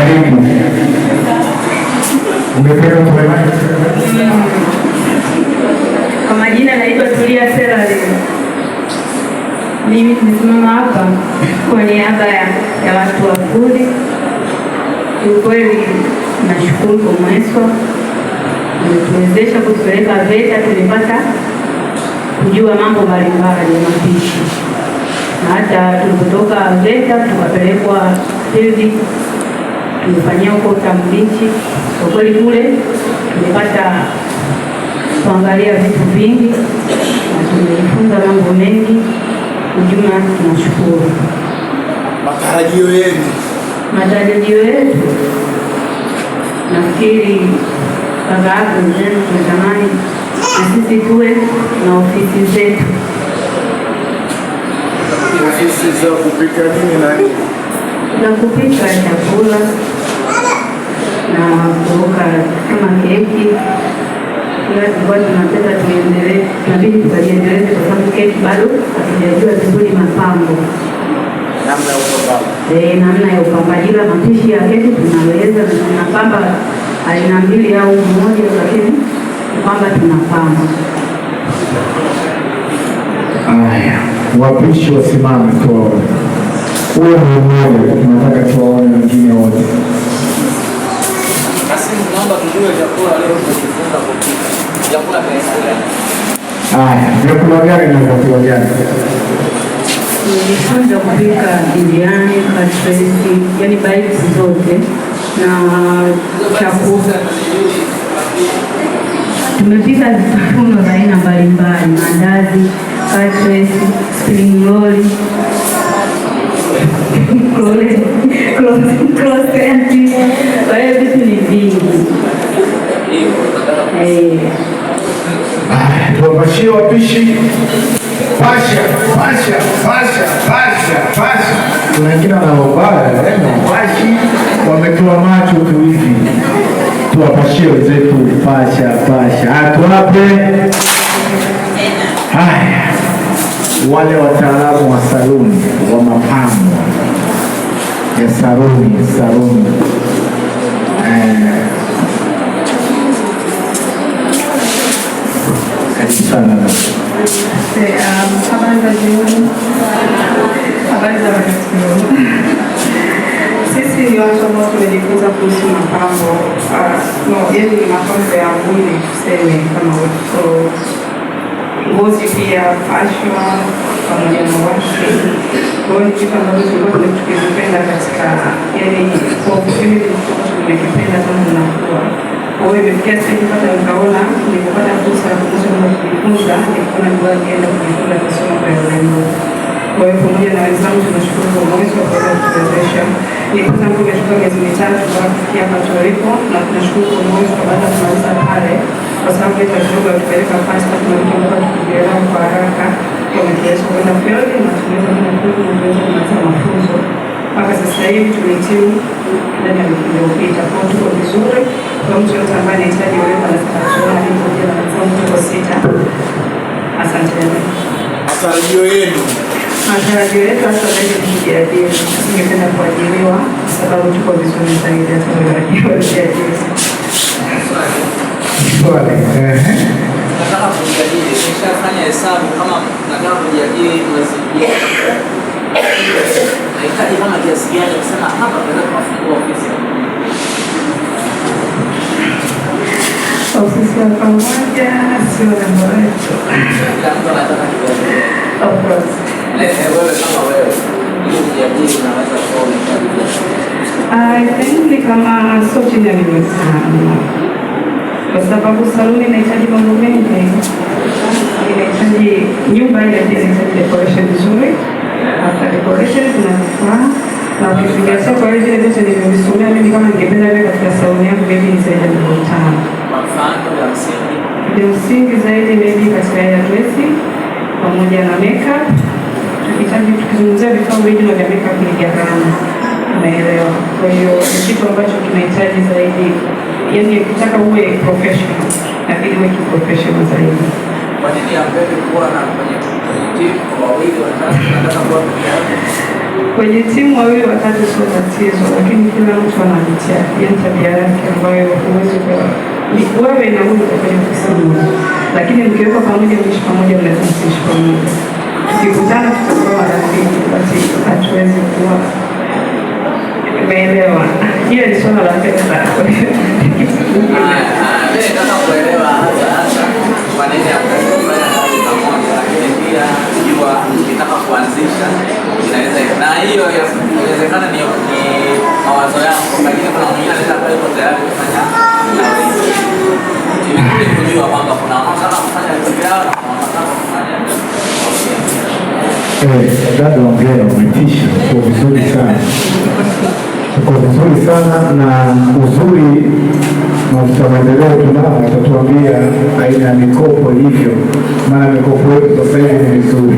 Magharibi umepewa Kwa majina naitwa Tulia Serali. Mimi nimesimama hapa kwa niaba ya watu wa Fudi. Kiukweli nashukuru kwa Mweso umetuwezesha kutupeleka VETA, tulipata kujua mambo mbalimbali ya mapishi na hata tulipotoka VETA tukapelekwa hivi tumefanyia huko utambulishi. Kwa kweli kule tumepata kuangalia vitu vingi na tumejifunza mambo mengi. Ujuma, tunashukuru. Matarajio yenu? Matarajio yetu nafikiri kaka yako mzenu, tunatamani na sisi tuwe na ofisi zetu, ofisi za kupika nini na nini, kupika chakula na kuoka kama keki, kwa tulikuwa tunataka tuendelee, tunabidi tukajiendeleze kwa sababu keki bado hatujajua vizuri mapambo namna ya upambaji, eh, ila mapishi ya keki tunaweza, tunapamba aina mbili au moja, lakini kwamba tunapamba Haya, wapishi wasimame kwa huo ni mmoja, tunataka tuwaone wengine wote. Haya, vyakula gani na vyakula gani? Nilifunza kupika biriani, katlesi, yani baiti zote na chakula. Tumepika vifuno za aina mbalimbali, mandazi, katlesi, spring roll, kroseti Pasha, pasha, pasha, pasha, pasha. Kuna wengine wanaobaya pashi, eh, wametoa macho tu hivi, tuwapashie wenzetu pasha, pasha. Hatuwape ah, haya wale wataalamu wa saluni wa mapambo ya saluni, saluni eh. sana Habari za jioni. Habari za wakati huu. Sisi ni watu ambao tumejifunza kuhusu mapambo, yaani mapambo ya mwili tuseme, kama ngozi pia fashwa pamoja na washi. Kwa ni kitu ambacho tulikuwa tukipenda katika, yaani kwa ufupi, tulikuwa tunakipenda kama tunakuwa oimefikia que nikaona nikapata la ya kusoma kujifunza, nikaona ngoja que kujifunza kusoma kwa elimu. Kwa voy a como la tunashukuru de uwezo que de a Nikuza a imechukua miezi mitatu que la hapa como na tunashukuru la uwezo kwa baada a kumaliza pale, kwa sababu la kidogo tupeleka te que era la para que de la sobre la y la kwa mtu yote ambaye anahitaji huduma za kiroho pamoja na mtoto sita. Asante. Matarajio yenu, matarajio yetu hasa zaidi ni kujiajiri. Singependa kuajiriwa sababu tuko vizuri zaidi hata kuajiriwa kujiajiri. Nahitaji kama kiasi gani kusema hapa tunaweza kufungua ofisi. sisi wa pamoja sio namba wetu itaindi kama sio chini ya milioni tano kwa sababu saluni inahitaji mambo mengi, inahitaji nyumba ile, inahitaji decoration nzuri, after decoration kuna vifaa na ukifikia soko hizi zote nimezisomea mimi, kama ningependa leo katika saluni yangu maybe ni zaidi tano. Ndio msingi zaidi maybe katika ya dresi pamoja na makeup, tukitaji tukizungumzia vifaa vingi na vya makeup ni gharama, unaelewa. Kwa hiyo ni kitu ambacho kinahitaji zaidi, yani ukitaka uwe professional, lakini uwe kiprofessional zaidi kwa nini ambebe kuwa na kwenye timu wawili watatu, nataka kuwa peke yangu Kwenye timu wawili watatu sio tatizo, lakini kila mtu ana tabia yake ambayo huwezi wewe na huyu kwenye ofisi moja, lakini mkiweka pamoja, mkiishi pamoja, mnaweza msiishi pamoja. Tukikutana tutakuwa marafiki, basi hatuwezi kuwa umeelewa. Hiyo ni swala la pesa. Dada ongea, umetisha, uko vizuri sana, uko vizuri sana na uzuri maafisa maendeleo tunao watatuambia aina ya mikopo hivyo maana mikopo yetu sasa hivi ni vizuri